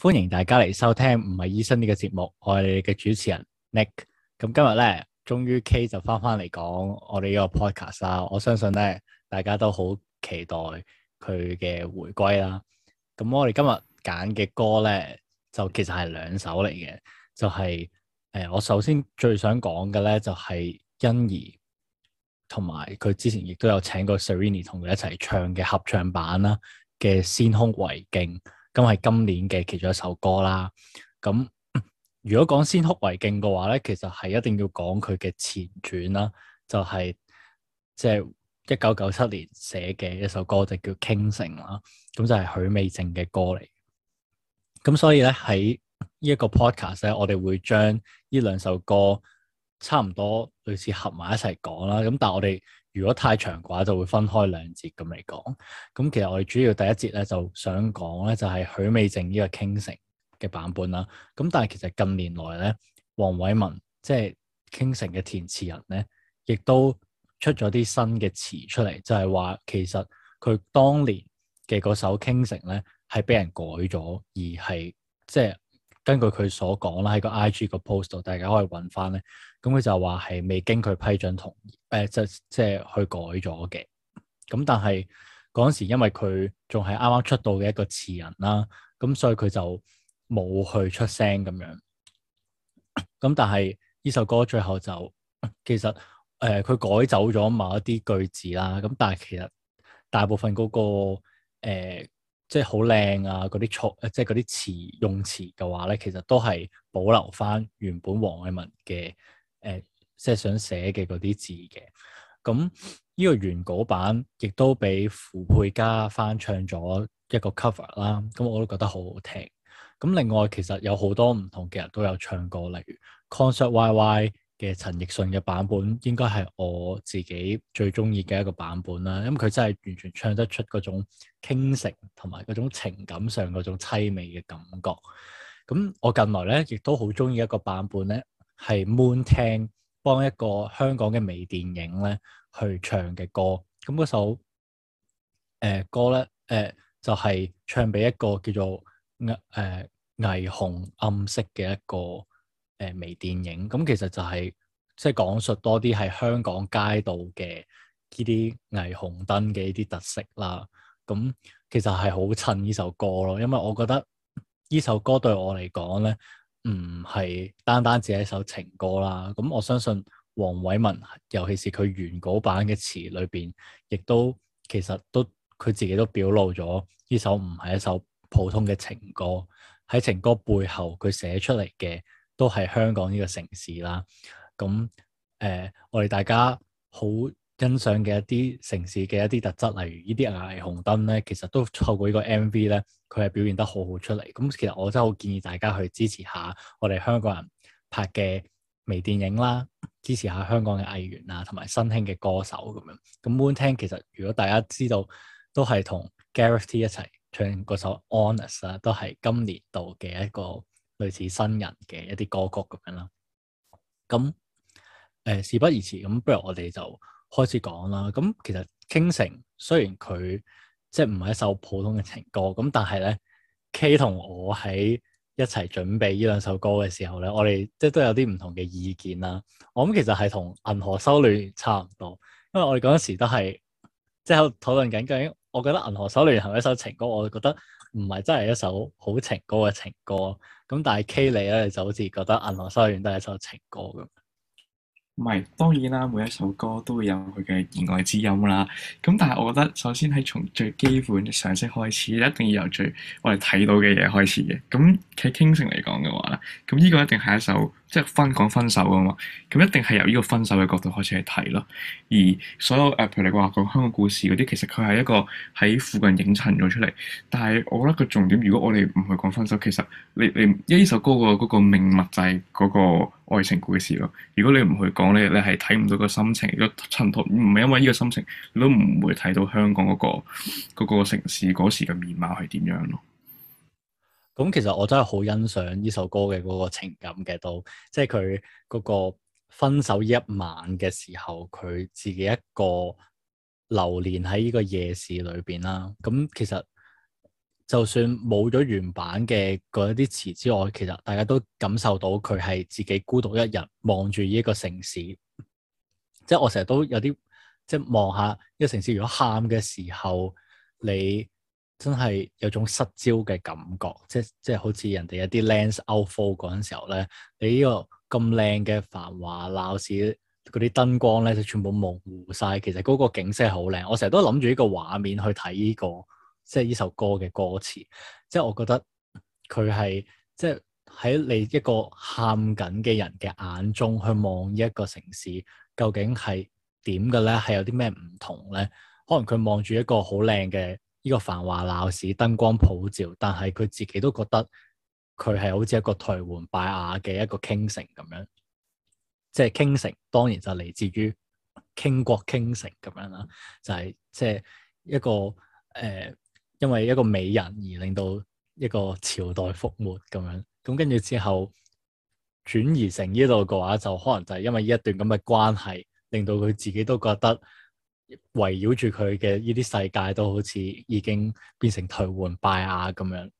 歡迎大家嚟收聽唔係醫生呢、這個節目，我係你嘅主持人 Nick。咁今日咧，終於 Kay 就翻翻嚟講我哋呢個 podcast 啦。我相信咧，大家都好期待佢嘅回歸啦。咁我哋今日揀嘅歌咧，就其實係兩首嚟嘅，就係、是、誒，我首先最想講嘅咧，就係欣宜，同埋佢之前亦都有請個 Serrini 同佢一齊唱嘅合唱版啦嘅《先空為敬》。因為今年嘅其中一首歌啦，咁如果講先哭為敬嘅話咧，其實係一定要講佢嘅前傳啦，就係即係一九九七年寫嘅一首歌就叫傾城啦，咁就係許美靜嘅歌嚟。咁所以咧，喺呢一個 podcast 咧，我哋會將呢兩首歌差唔多類似合埋一齊講啦，咁但係我哋。如果太長嘅話，就會分開兩節咁嚟講。咁其實我哋主要第一節咧，就想講咧、這個，就係許美靜呢個傾城嘅版本啦。咁但係其實近年來咧，黃偉文即係傾城嘅填詞人咧，亦都出咗啲新嘅詞出嚟，就係、是、話其實佢當年嘅嗰首傾城咧，係俾人改咗，而係即係根據佢所講啦，喺個 IG 個 post 度，大家可以揾翻咧。咁佢就話係未經佢批准同意，誒、呃、就即係去改咗嘅。咁但係嗰陣時，因為佢仲係啱啱出道嘅一個詞人啦，咁所以佢就冇去出聲咁樣。咁但係呢首歌最後就其實誒，佢、呃、改走咗某一啲句子啦。咁但係其實大部分嗰、嗰個即係好靚啊嗰啲詞，即係啲詞用詞嘅話咧，其實都係保留返原本黃偉文嘅。誒，即係、呃就是、想寫嘅嗰啲字嘅，咁呢、這個原稿版亦都俾傅佩嘉翻唱咗一個 cover 啦，咁、嗯、我都覺得好好聽。咁另外其實有好多唔同嘅人都有唱過，例如 Concert YY 嘅陳奕迅嘅版本，應該係我自己最中意嘅一個版本啦。因為佢真係完全唱得出嗰種傾城同埋嗰種情感上嗰種悽美嘅感覺。咁我近來咧亦都好中意一個版本咧。係 moon 聽幫一個香港嘅微電影咧去唱嘅歌，咁、嗯、嗰首誒、呃、歌咧，誒、呃、就係、是、唱俾一個叫做誒誒霓虹暗色嘅一個誒微、呃、電影，咁、嗯、其實就係即係講述多啲係香港街道嘅呢啲霓虹燈嘅呢啲特色啦。咁、嗯、其實係好襯呢首歌咯，因為我覺得呢首歌對我嚟講咧。唔係單單只係一首情歌啦，咁我相信黃偉文，尤其是佢原稿版嘅詞裏邊，亦都其實都佢自己都表露咗呢首唔係一首普通嘅情歌，喺情歌背後佢寫出嚟嘅都係香港呢個城市啦。咁誒、呃，我哋大家好欣賞嘅一啲城市嘅一啲特質，例如危紅呢啲霓虹燈咧，其實都透過個呢個 MV 咧，佢係表現得好好出嚟。咁其實我真係好建議大家去支持下我哋香港人拍嘅微電影啦，支持下香港嘅藝員啊，同埋新興嘅歌手咁樣。咁 Moon Tang 其實如果大家知道，都係同 Gareth T 一齊唱嗰首 Honest 啊，都係今年度嘅一個類似新人嘅一啲歌曲咁樣啦。咁誒、呃、事不宜遲，咁不如我哋就～開始講啦，咁其實《傾城》雖然佢即係唔係一首普通嘅情歌，咁但係咧，K 同我喺一齊準備呢兩首歌嘅時候咧，我哋即係都有啲唔同嘅意見啦。我諗其實係同《銀河修戀》差唔多，因為我哋嗰陣時都係即係討論緊究竟，我覺得《銀河修戀》係咪一首情歌，我就覺得唔係真係一首好情歌嘅情歌。咁但係 K 呢你咧就好似覺得《銀河修戀》都係一首情歌咁。唔係當然啦，每一首歌都會有佢嘅言外之音啦。咁但係我覺得首先係從最基本嘅常識開始，一定要由最我哋睇到嘅嘢開始嘅。咁喺傾城嚟講嘅話啦，咁呢個一定係一首。即係分講分手啊嘛，咁一定係由呢個分手嘅角度開始去睇咯。而所有誒，譬如你話講香港故事嗰啲，其實佢係一個喺附近影襯咗出嚟。但係我覺得個重點，如果我哋唔去講分手，其實你你因為呢首歌個嗰個命脈就係嗰個愛情故事咯。如果你唔去講咧，你係睇唔到個心情。如果襯托唔係因為呢個心情，你都唔會睇到香港嗰個嗰個城市嗰時嘅面貌係點樣咯。咁其實我真係好欣賞呢首歌嘅嗰個情感嘅，都即係佢嗰個分手一晚嘅時候，佢自己一個流連喺呢個夜市裏邊啦。咁其實就算冇咗原版嘅嗰一啲詞之外，其實大家都感受到佢係自己孤獨一日，望住呢個城市。即係我成日都有啲即係望下呢個城市，如果喊嘅時候你。真係有種失焦嘅感覺，即即係好似人哋有啲 lens outflow 嗰陣時候咧，你呢個咁靚嘅繁華鬧市，嗰啲燈光咧就全部模糊晒。其實嗰個景色係好靚，我成日都諗住呢個畫面去睇呢個即係呢首歌嘅歌詞，即係我覺得佢係即係喺你一個喊緊嘅人嘅眼中去望呢一個城市，究竟係點嘅咧？係有啲咩唔同咧？可能佢望住一個好靚嘅。呢個繁華鬧市，燈光普照，但係佢自己都覺得佢係好似一個頹垣敗瓦嘅一個傾城咁樣，即係傾城，當然就嚟自於傾國傾城咁樣啦，就係即係一個誒、呃，因為一個美人而令到一個朝代覆沒咁樣，咁跟住之後轉移成呢度嘅話，就可能就係因為呢一段咁嘅關係，令到佢自己都覺得。圍繞住佢嘅呢啲世界都好似已經變成頹垣敗瓦咁樣，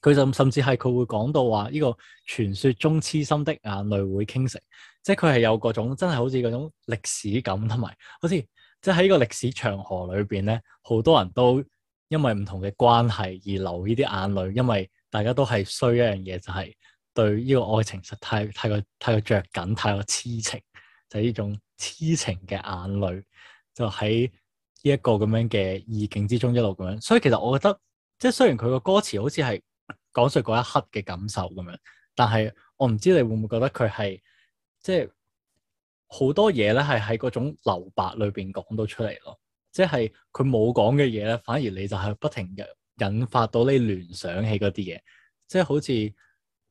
佢就甚至係佢會講到話呢個傳說中痴心的眼淚會傾城，即係佢係有嗰種真係好似嗰種歷史感，同埋好似即係喺呢個歷史長河裏邊咧，好多人都因為唔同嘅關係而流呢啲眼淚，因為大家都係衰一樣嘢，就係、是、對呢個愛情實太太過太過着緊，太過痴情。就係呢種痴情嘅眼淚，就喺呢一個咁樣嘅意境之中一路咁樣，所以其實我覺得，即係雖然佢個歌詞好似係講述嗰一刻嘅感受咁樣，但係我唔知你會唔會覺得佢係即係好多嘢咧，係喺嗰種留白裏邊講到出嚟咯，即係佢冇講嘅嘢咧，反而你就係不停嘅引發到你聯想起嗰啲嘢，即係好似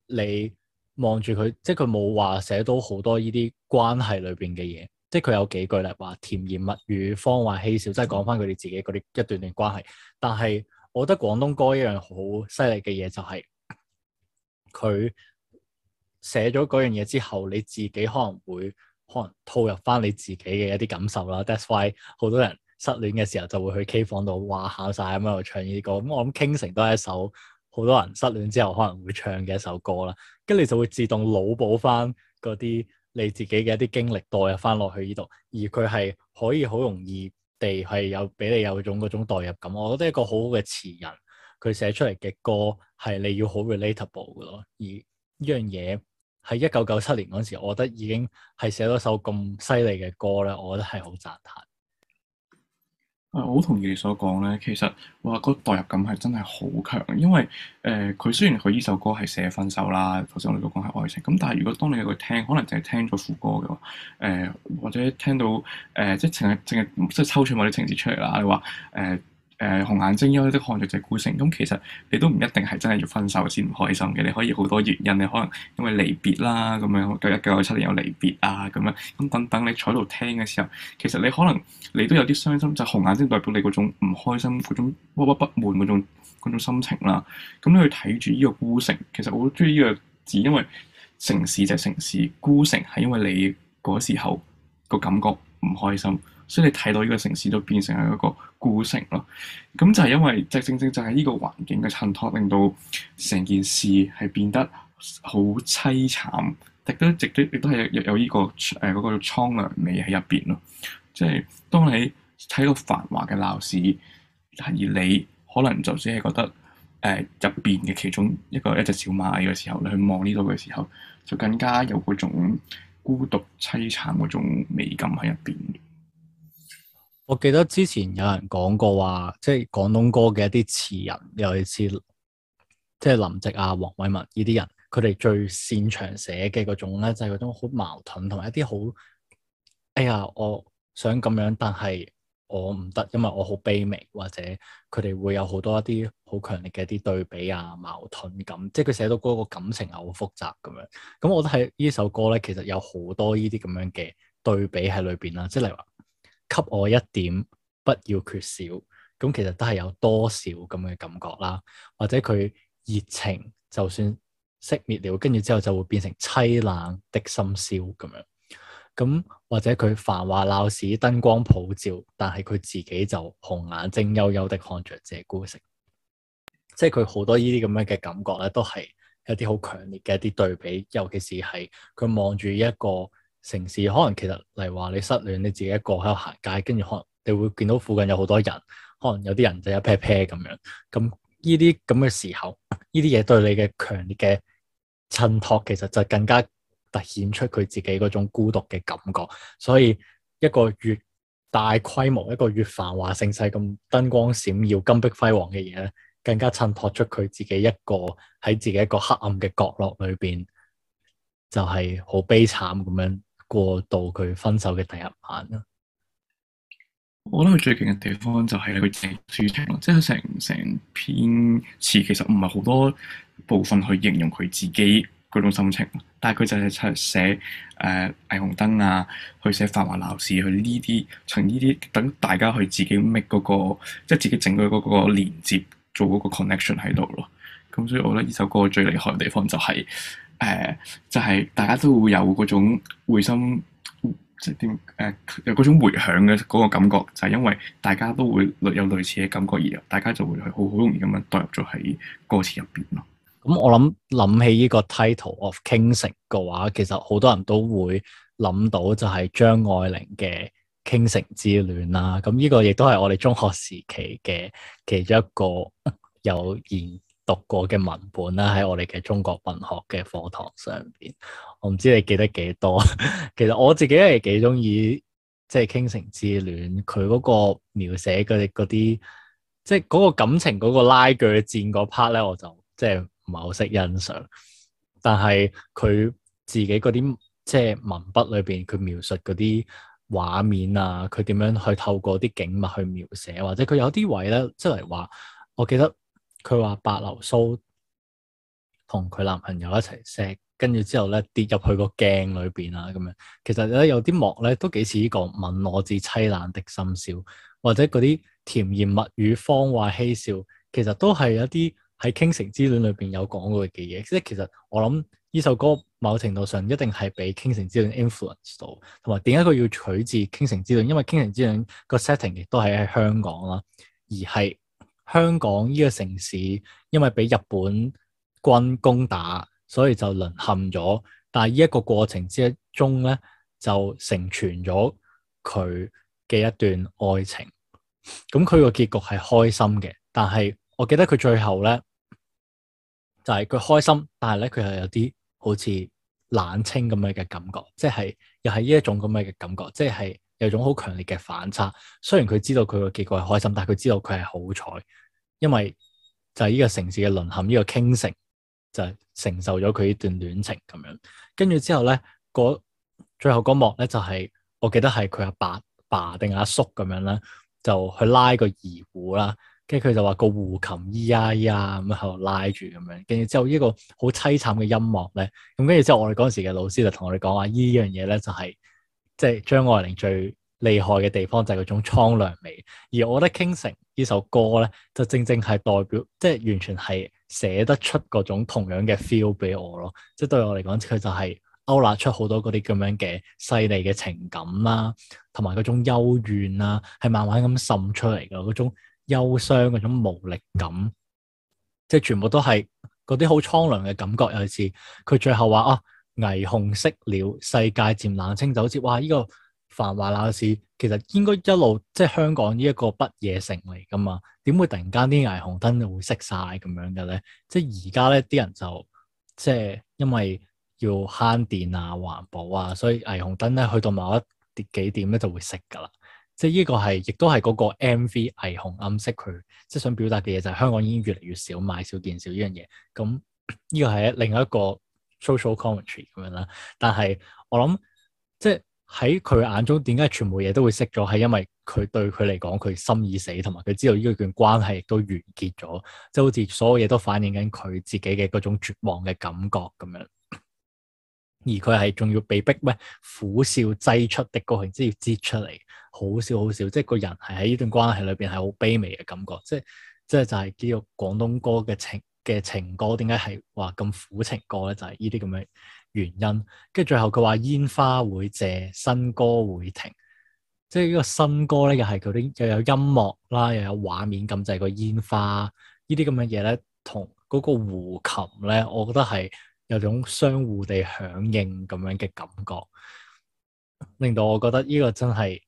你。望住佢，即係佢冇話寫到好多呢啲關係裏邊嘅嘢，即係佢有幾句啦，話甜言蜜語、謊話稀少，即係講翻佢哋自己嗰啲一段段關係。但係我覺得廣東歌一樣好犀利嘅嘢就係佢寫咗嗰樣嘢之後，你自己可能會可能套入翻你自己嘅一啲感受啦。That's why 好多人失戀嘅時候就會去 K 房度哇考晒咁喺度唱呢啲歌。咁我諗傾城都係一首。好多人失戀之後可能會唱嘅一首歌啦，跟住你就會自動腦補翻嗰啲你自己嘅一啲經歷，代入翻落去呢度，而佢係可以好容易地係有俾你有種嗰種代入感。我覺得一個好好嘅詞人，佢寫出嚟嘅歌係你要好 relatable 嘅咯。而呢樣嘢喺一九九七年嗰時，我覺得已經係寫咗首咁犀利嘅歌咧，我覺得係好讚歎。誒，我好同意你所講咧，其實哇個代入感係真係好強，因為誒，佢、呃、雖然佢呢首歌係寫分手啦，頭先我哋都講係愛情，咁但係如果當你有去聽，可能淨係聽咗副歌嘅話，誒、呃，或者聽到誒、呃，即係淨係淨係即係、呃呃呃呃、抽取某啲情節出嚟啦，你話誒。呃誒、呃、紅眼睛，一為的看著就孤城。咁其實你都唔一定係真係要分手先唔開心嘅，你可以好多原因。你可能因為離別啦，咁樣對一九九七年有離別啊，咁樣咁等等。你坐喺度聽嘅時候，其實你可能你都有啲傷心。就係、紅眼睛代表你嗰種唔開心，嗰種鬱鬱悶嗰種、嗰種心情啦。咁你去睇住呢個孤城，其實我好中意呢個字，因為城市就係城市，孤城係因為你嗰時候個感覺唔開心。所以你睇到呢個城市都變成係一個孤城咯，咁就係因為就係正正就係呢個環境嘅襯托，令到成件事係變得好凄慘，亦都值得亦都係有呢個誒嗰個蒼涼味喺入邊咯。即係當你睇到繁華嘅鬧市，而你可能就只係覺得誒入邊嘅其中一個一隻小螞蟻嘅時候，你去望呢度嘅時候，就更加有嗰種孤獨凄慘嗰種美感喺入邊。我記得之前有人講過話，即係廣東歌嘅一啲詞人，尤其是即係林夕啊、黃偉文呢啲人，佢哋最擅長寫嘅嗰種咧，就係嗰種好矛盾，同埋一啲好，哎呀，我想咁樣，但係我唔得，因為我好卑微，或者佢哋會有好多一啲好強烈嘅一啲對比啊、矛盾咁，即係佢寫到嗰個感情好複雜咁樣。咁我覺得喺呢首歌咧，其實有好多呢啲咁樣嘅對比喺裏邊啦，即係例如話。給我一點，不要缺少。咁其實都係有多少咁嘅感覺啦，或者佢熱情就算熄滅了，跟住之後就會變成淒冷的深宵咁樣。咁或者佢繁華鬧市燈光普照，但係佢自己就紅眼睛幽幽的看着這孤城。即係佢好多呢啲咁樣嘅感覺咧，都係一啲好強烈嘅一啲對比，尤其是係佢望住一個城市可能其實，例如話你失戀，你自己一個喺度行街，跟住可能你會見到附近有好多人，可能有啲人就一 pair pair 咁樣。咁呢啲咁嘅時候，呢啲嘢對你嘅強烈嘅襯托，其實就更加凸顯出佢自己嗰種孤獨嘅感覺。所以一個越大規模，一個越繁華盛世咁燈光閃耀、金碧輝煌嘅嘢，更加襯托出佢自己一個喺自己一個黑暗嘅角落裏邊，就係好悲慘咁樣。過到佢分手嘅第一晚啦，我覺得佢最勁嘅地方就係佢，就是，整抒情即係成成篇詞，其實唔係好多部分去形容佢自己嗰種心情，但係佢就係出寫誒霓虹燈啊，去寫繁華鬧市，去呢啲從呢啲等大家去自己 make 嗰，那個，即，就，係，是，自己整佢嗰個連接，做嗰個 connection 喺度咯。咁所以我覺得，呢首歌最厲害嘅地方就係、是。誒、呃，就係、是、大家都會有嗰種會心，即係點誒？有嗰種回響嘅嗰個感覺，就係、是、因為大家都會有類似嘅感覺，而大家就會係好好容易咁樣代入咗喺歌詞入邊咯。咁我諗諗起呢個 title of 傾城嘅話，其實好多人都會諗到就係張愛玲嘅《傾城之戀》啦。咁呢個亦都係我哋中學時期嘅其中一個 有現。讀過嘅文本啦，喺我哋嘅中國文學嘅課堂上邊，我唔知你記得幾多。其實我自己係幾中意，即係《傾城之戀》，佢嗰個描寫佢嗰啲，即係嗰個感情嗰個拉鋸戰嗰 part 咧，我就即係唔係好識欣賞。但係佢自己嗰啲即係文筆裏邊，佢描述嗰啲畫面啊，佢點樣去透過啲景物去描寫，或者佢有啲位咧，即係嚟話，我記得。佢話白流蘇同佢男朋友一齊錫，跟住之後咧跌入去個鏡裏邊啊。咁樣。其實咧有啲幕咧都幾似呢個《吻我至凄冷的深宵》，或者嗰啲甜言蜜語、謊話嬉笑，其實都係一啲喺《傾城之戀》裏邊有講過嘅嘢。即係其實我諗呢首歌某程度上一定係畀《傾城之戀》influence 到，同埋點解佢要取自《傾城之戀》？因為《傾城之戀》個 setting 亦都係喺香港啦，而係。香港呢個城市，因為俾日本軍攻打，所以就淪陷咗。但係呢一個過程之中咧，就成全咗佢嘅一段愛情。咁佢個結局係開心嘅，但係我記得佢最後咧，就係佢開心，但係咧佢又有啲好似冷清咁樣嘅感覺，即係又係呢一種咁樣嘅感覺，即係。有種好強烈嘅反差，雖然佢知道佢個結果係開心，但係佢知道佢係好彩，因為就係呢個城市嘅淪陷，呢個傾城就係承受咗佢呢段戀情咁樣。跟住之後咧，個最後嗰幕咧就係，我記得係佢阿爸、爸定阿叔咁樣啦，就去拉個二胡啦，跟住佢就話個胡琴咿呀咿呀咁喺度拉住咁樣，跟住之後呢個好淒慘嘅音樂咧，咁跟住之後我哋嗰時嘅老師就同我哋講話，呢樣嘢咧就係。即係張愛玲最厲害嘅地方就係嗰種蒼涼味，而我覺得傾城呢首歌咧，就正正係代表，即係完全係寫得出嗰種同樣嘅 feel 俾我咯。即係對我嚟講，佢就係勾勒出好多嗰啲咁樣嘅犀利嘅情感啦，同埋嗰種幽怨啊，係慢慢咁滲出嚟嘅嗰種憂傷、嗰種無力感，即係全部都係嗰啲好蒼涼嘅感覺。尤其係佢最後話啊。霓虹熄了，世界漸冷清，就好似，哇！呢個繁華鬧市，其實應該一路即係香港呢一個不夜城嚟噶嘛？點會突然間啲霓虹燈就會熄晒咁樣嘅咧？即係而家咧啲人就即係因為要慳電啊、環保啊，所以霓虹燈咧去到某一點幾點咧就會熄噶啦。即係呢個係，亦都係嗰個 MV 霓虹暗色，佢即係想表達嘅嘢就係香港已經越嚟越少，買少見少呢樣嘢。咁呢個係另一一個。social commentary 咁樣啦，但係我諗，即係喺佢眼中，點解全部嘢都會熄咗？係因為佢對佢嚟講，佢心已死，同埋佢知道呢段關係亦都完結咗，即係好似所有嘢都反映緊佢自己嘅嗰種絕望嘅感覺咁樣。而佢係仲要被逼咩？苦笑擠出的歌，然之要擠出嚟，好笑好笑！即係個人係喺呢段關係裏邊係好卑微嘅感覺，即係即係就係叫做廣東歌嘅情。嘅情歌，點解係話咁苦情歌咧？就係呢啲咁嘅原因。跟住最後佢話：煙花會謝，新歌會停。即係呢個新歌咧，又係佢啲又有音樂啦，又有畫面咁，就係、是、個煙花呢啲咁嘅嘢咧，同嗰個胡琴咧，我覺得係有種相互地響應咁樣嘅感覺，令到我覺得呢個真係，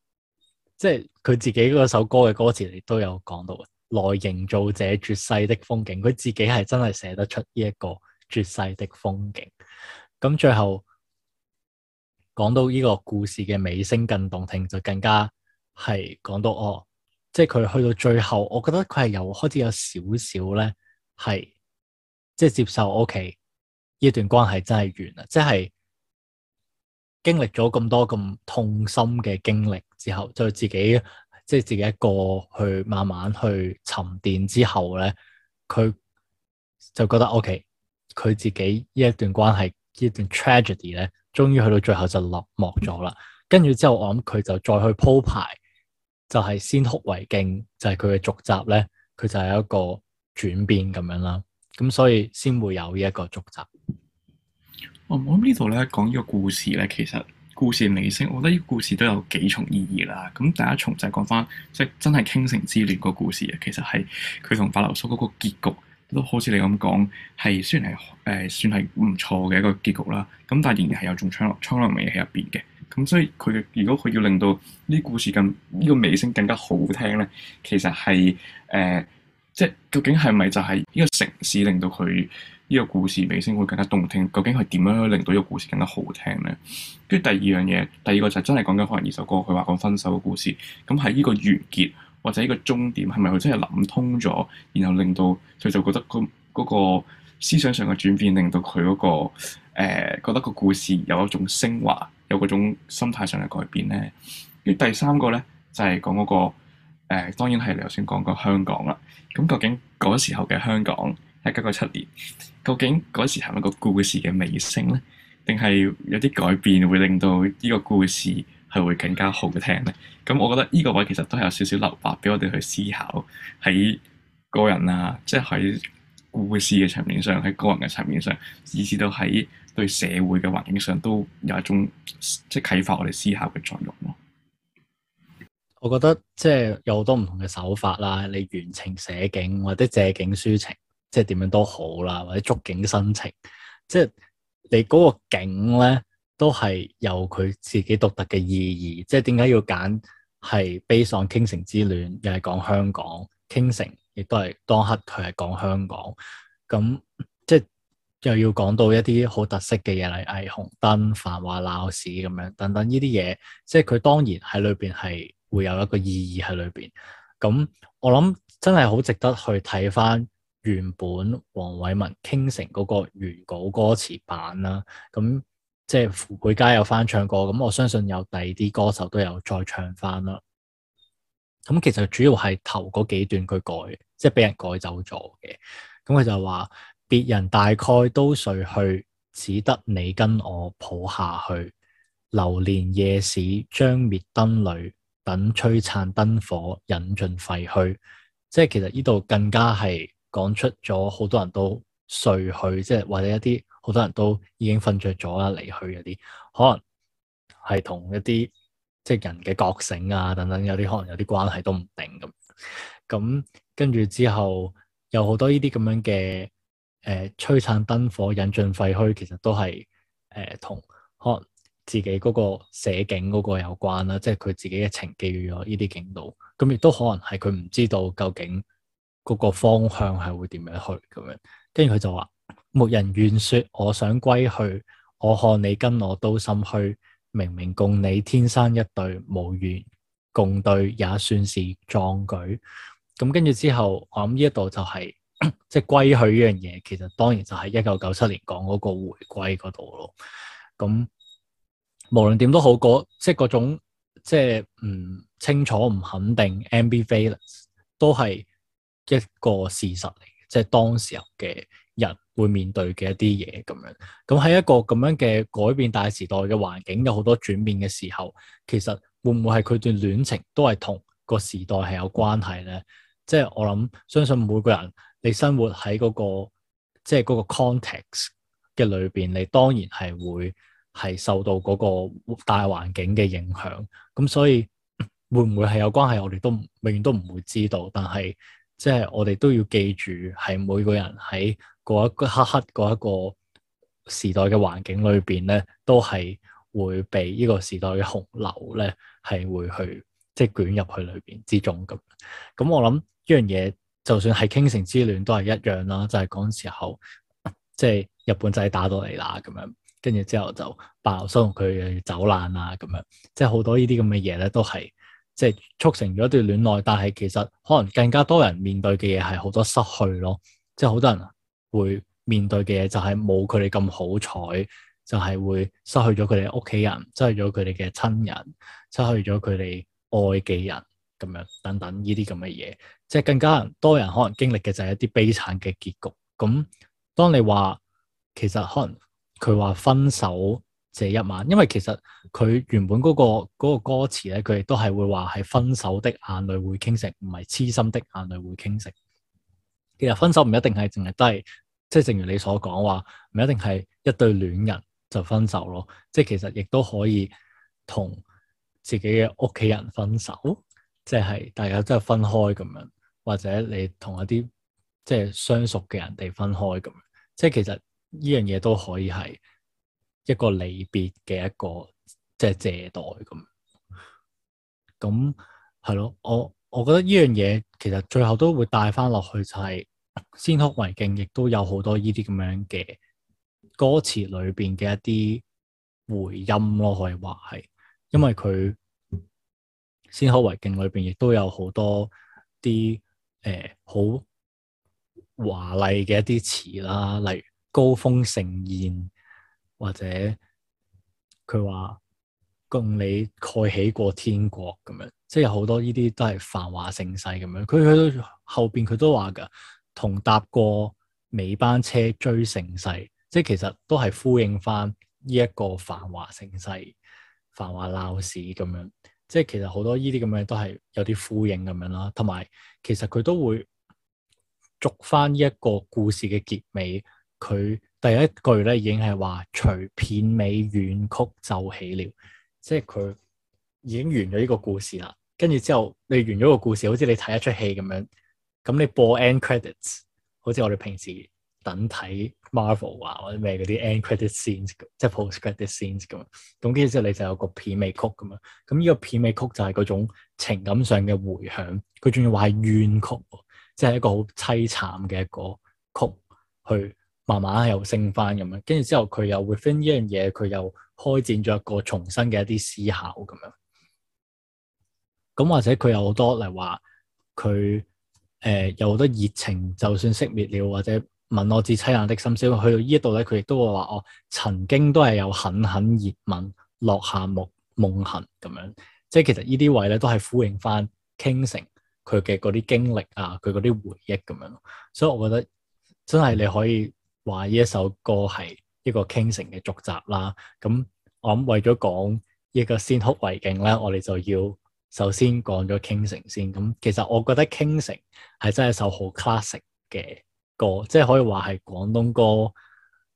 即係佢自己嗰首歌嘅歌詞亦都有講到嘅。來營造這絕世的風景，佢自己係真係寫得出呢一個絕世的風景。咁最後講到呢個故事嘅尾聲更動聽，就更加係講到哦，即係佢去到最後，我覺得佢係由開始有少少咧，係即係接受屋企呢段關係真係完啦，即係經歷咗咁多咁痛心嘅經歷之後，就自己。即係自己一個去慢慢去沉澱之後咧，佢就覺得 OK，佢自己呢一段關係、呢段 tragedy 咧，終於去到最後就落幕咗啦。跟住之後，我諗佢就再去鋪排，就係先哭為敬，就係佢嘅續集咧，佢就係一個轉變咁樣啦。咁所以先會有呢一個續集。我諗呢度咧講呢個故事咧，其實。故事尾聲，我覺得呢故事都有幾重意義啦。咁第一重就係講翻，即係真係傾城之戀個故事啊。其實係佢同白流蘇嗰個結局都好似你咁講，係雖然係誒、呃、算係唔錯嘅一個結局啦。咁但仍然係有種蒼涼味喺入邊嘅。咁所以佢如果佢要令到呢故事咁呢、呢個尾聲更加好聽咧，其實係誒。呃即究竟係咪就係呢個城市令到佢呢個故事尾聲會更加動聽？究竟係點樣令到呢個故事更加好聽咧？跟住第二樣嘢，第二個就真係講緊可能二首歌，佢話講分手嘅故事。咁喺呢個完結或者呢個終點，係咪佢真係諗通咗，然後令到佢就覺得嗰、嗰個思想上嘅轉變，令到佢嗰、嗰個誒、呃、覺得個故事有一種升華，有嗰種心態上嘅改變咧？跟住第三個咧，就係講嗰個。誒、呃，當然係你頭先講過香港啦。咁究竟嗰時候嘅香港係九七年，究竟嗰時候係一個故事嘅尾聲咧，定係有啲改變會令到呢個故事係會更加好嘅聽咧？咁我覺得呢個位其實都係有少少留白俾我哋去思考，喺個人啊，即係喺故事嘅層面上，喺個人嘅層面上，以至到喺對社會嘅環境上都有一種即係啟發我哋思考嘅作用咯。我覺得即係有好多唔同嘅手法啦，你完情寫景或者借景抒情，即係點樣都好啦，或者觸景生情，即係你嗰個景咧都係有佢自己獨特嘅意義。即係點解要揀係悲喪傾城之戀，又係講香港傾城，亦都係當刻佢係講香港。咁即係又要講到一啲好特色嘅嘢，例如紅燈、繁華鬧市咁樣等等呢啲嘢，即係佢當然喺裏邊係。會有一個意義喺裏邊咁，我諗真係好值得去睇翻原本黃偉文傾城嗰個原稿歌詞版啦。咁即係傅佩佳有翻唱過，咁我相信有第二啲歌手都有再唱翻啦。咁其實主要係頭嗰幾段佢改，即係俾人改走咗嘅。咁佢就話別人大概都睡去，只得你跟我抱下去，流連夜市將滅燈裏。等璀璨燈火引進廢墟，即係其實呢度更加係講出咗好多人都睡去，即係或者一啲好多人都已經瞓着咗啦，離去嗰啲，可能係同一啲即係人嘅覺醒啊等等，有啲可能有啲關係都唔定咁。咁跟住之後有好多呢啲咁樣嘅誒璀璨燈火引進廢墟，其實都係誒同可能。自己嗰個寫景嗰個有關啦，即係佢自己嘅情寄於咗呢啲景度，咁亦都可能係佢唔知道究竟嗰個方向係會點樣去咁樣。跟住佢就話：沒人願説我想歸去，我看你跟我都心虛，明明共你天生一對無緣共對也算是壯舉。咁跟住之後，我諗呢一度就係即係歸去呢樣嘢，其實當然就係一九九七年講嗰個回歸嗰度咯。咁無論點都好，嗰即係嗰種即係唔清楚、唔肯定 ambivalence 都係一個事實嚟嘅，即係當時候嘅人會面對嘅一啲嘢咁樣。咁喺一個咁樣嘅改變大時代嘅環境，有好多轉變嘅時候，其實會唔會係佢段戀情都係同個時代係有關係咧？即係我諗，相信每個人你生活喺嗰個即係嗰個 context 嘅裏邊，你當然係會。係受到嗰個大環境嘅影響，咁所以會唔會係有關係？我哋都永遠都唔會知道，但係即係我哋都要記住，係每個人喺嗰一刻刻嗰一個時代嘅環境裏邊咧，都係會被呢個時代嘅洪流咧，係會去即係、就是、捲入去裏邊之中咁。咁我諗呢樣嘢，就算係傾城之戀都係一樣啦，就係、是、嗰時候即係、就是、日本仔打到嚟啦咁樣。跟住之後就爆，所佢走難啊，咁樣即係好多呢啲咁嘅嘢咧，都係即係促成咗一段戀愛，但係其實可能更加多人面對嘅嘢係好多失去咯，即係好多人會面對嘅嘢就係冇佢哋咁好彩，就係、是、會失去咗佢哋屋企人，失去咗佢哋嘅親人，失去咗佢哋愛嘅人咁樣等等呢啲咁嘅嘢，即係更加多人可能經歷嘅就係一啲悲慘嘅結局。咁當你話其實可能。佢話分手這一晚，因為其實佢原本嗰個嗰個歌詞咧，佢亦都係會話係分手的眼淚會傾瀉，唔係痴心的眼淚會傾瀉。其實分手唔一定係淨係低，即係正如你所講話，唔一定係一對戀人就分手咯。即係其實亦都可以同自己嘅屋企人分手，即係大家真係分開咁樣，或者你同一啲即係相熟嘅人哋分開咁樣。即係其實。呢樣嘢都可以係一個離別嘅一個即係借代咁，咁係咯。我我覺得呢樣嘢其實最後都會帶翻落去就係、是《先哭為敬》，亦都有好多呢啲咁樣嘅歌詞裏邊嘅一啲回音咯，可以話係，因為佢《先哭為敬》裏邊亦都有好多啲誒好華麗嘅一啲詞啦，例如。高峰盛宴，或者佢話共你蓋起過天國咁樣，即係好多呢啲都係繁華盛世咁樣。佢去到後邊佢都話噶，同搭過尾班車追盛世，即係其實都係呼應翻呢一個繁華盛世、繁華鬧市咁樣。即係其實好多呢啲咁樣都係有啲呼應咁樣啦。同埋其實佢都會續翻呢一個故事嘅結尾。佢第一句咧已經係話：隨片尾怨曲奏起了，即係佢已經完咗呢個故事啦。跟住之後，你完咗個故事，好似你睇一出戲咁樣，咁你播 end credits，好似我哋平時等睇 Marvel 啊或者咩嗰啲 end credits scenes，即係 post credits scenes 咁。咁跟住之後，你就有個片尾曲咁啊。咁呢個片尾曲就係嗰種情感上嘅迴響。佢仲要話係怨曲，即係一個好凄慘嘅一個曲去。慢慢又升翻咁樣，跟住之後佢又會分呢樣嘢，佢又開展咗一個重新嘅一啲思考咁樣。咁或者佢有好多例如話，佢誒、呃、有好多熱情，就算熄滅了，或者問我至凄冷的心聲，去到呢一度咧，佢亦都會話：哦，曾經都係有狠狠熱吻，落下夢夢痕咁樣。即係其實呢啲位咧都係呼應翻傾城佢嘅嗰啲經歷啊，佢嗰啲回憶咁樣。所以，我覺得真係你可以。話呢一首歌係一個傾城嘅續集啦，咁我諗為咗講呢個先哭為敬咧，我哋就要首先講咗傾城先。咁其實我覺得傾城係真係一首好 classic 嘅歌，即係可以話係廣東歌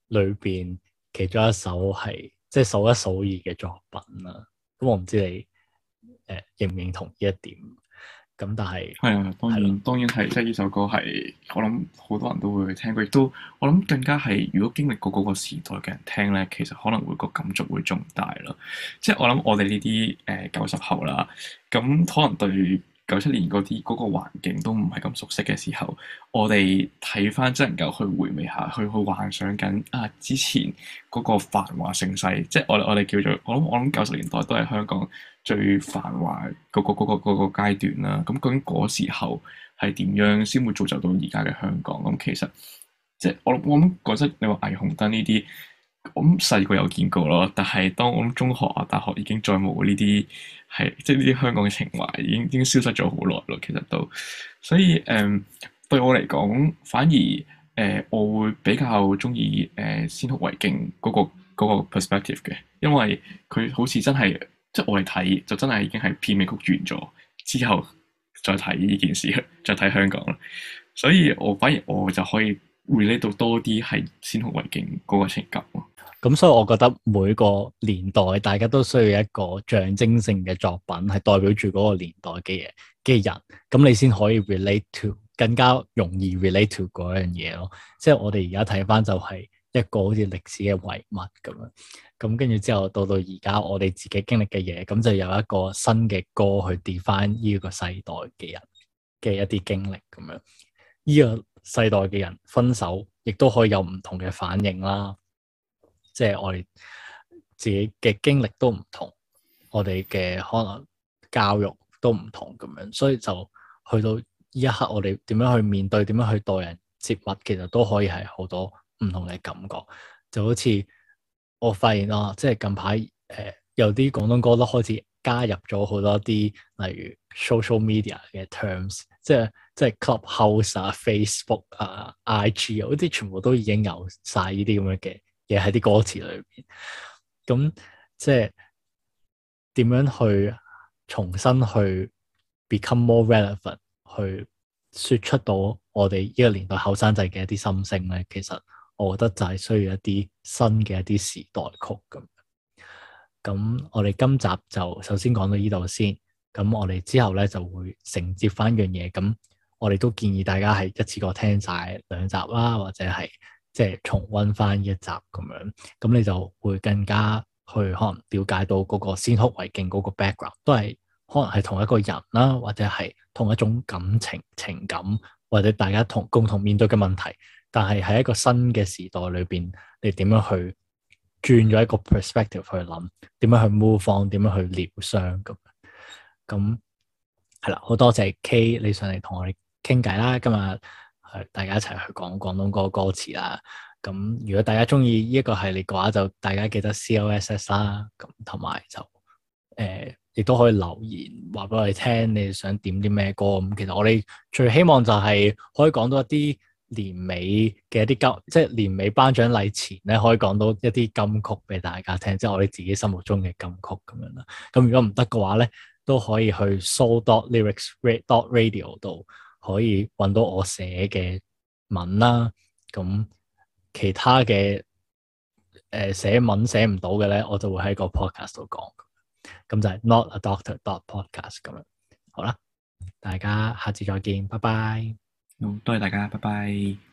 裏邊其中一首係即係數一數二嘅作品啦。咁我唔知你誒認唔認同呢一點？咁但係係啊，當然當然係，即係呢首歌係我諗好多人都會去聽過，亦都我諗更加係如果經歷過嗰個時代嘅人聽咧，其實可能會個感觸會仲大咯。即係我諗我哋呢啲誒九十後啦，咁可能對。九七年嗰啲嗰個環境都唔係咁熟悉嘅時候，我哋睇翻真能夠去回味下去，去幻想緊啊之前嗰個繁華盛世，即係我我哋叫做我諗我諗九十年代都係香港最繁華嗰個嗰個嗰個階段啦。咁究竟嗰時候係點樣先會造就到而家嘅香港？咁其實即係我我諗覺得你話霓虹燈呢啲。咁細個有見過咯，但係當我諗中學啊、大學已經再冇呢啲係，即係呢啲香港嘅情懷已經已經消失咗好耐咯。其實都所以，誒、嗯、對我嚟講，反而誒、呃、我會比較中意誒《先哭為敬》嗰個、嗰個 perspective 嘅，因為佢好似真係即係我哋睇就真係已經係片尾曲完咗之後再睇呢件事，再睇香港啦。所以我反而我就可以 relate 到多啲係《先哭為敬》嗰個情感咯。咁所以，我覺得每個年代大家都需要一個象徵性嘅作品，係代表住嗰個年代嘅嘢嘅人，咁你先可以 relate to 更加容易 relate to 嗰樣嘢咯。即係我哋而家睇翻就係一個好似歷史嘅遺物咁樣，咁跟住之後到到而家我哋自己經歷嘅嘢，咁就有一個新嘅歌去 define 呢個世代嘅人嘅一啲經歷咁樣。呢個世代嘅人分手，亦都可以有唔同嘅反應啦。即係我哋自己嘅經歷都唔同，我哋嘅可能教育都唔同咁樣，所以就去到呢一刻，我哋點樣去面對，點樣去待人接物，其實都可以係好多唔同嘅感覺。就好似我發現啦、啊，即係近排誒、呃，有啲廣東歌都開始加入咗好多啲，例如 social media 嘅 terms，即係即係 clubhouse 啊、Facebook 啊、IG 啊，嗰啲全部都已經有晒呢啲咁樣嘅。喺啲歌詞裏邊，咁即係點樣去重新去 become more relevant，去説出到我哋呢個年代後生仔嘅一啲心聲咧？其實我覺得就係需要一啲新嘅一啲時代曲咁。咁我哋今集就首先講到呢度先，咁我哋之後咧就會承接翻樣嘢。咁我哋都建議大家係一次過聽晒兩集啦，或者係。即係重温翻一集咁樣，咁你就會更加去可能去了解到嗰個先哭為敬嗰個 background，都係可能係同一個人啦，或者係同一種感情、情感或者大家同共同面對嘅問題，但係喺一個新嘅時代裏邊，你點樣去轉咗一個 perspective 去諗，點樣去 move on，點樣去療傷咁。咁係啦，好多謝 K 你上嚟同我哋傾偈啦，今日。大家一齊去講廣東歌歌詞啦。咁如果大家中意呢一個系列嘅話，就大家記得 C.O.S.S 啦。咁同埋就誒，亦都可以留言話俾我哋聽，你哋想點啲咩歌。咁其實我哋最希望就係可以講到一啲年尾嘅一啲金，即係年尾頒獎禮前咧，可以講到一啲金曲俾大家聽，即係我哋自己心目中嘅金曲咁樣啦。咁如果唔得嘅話咧，都可以去 Soul Dot Lyrics Dot Radio 度。可以搵到我寫嘅文啦，咁其他嘅誒、呃、寫文寫唔到嘅咧，我就會喺個 podcast 度講，咁就係 Not a Doctor dot Podcast 咁樣。好啦，大家下次再見，拜拜。多謝大家，拜拜。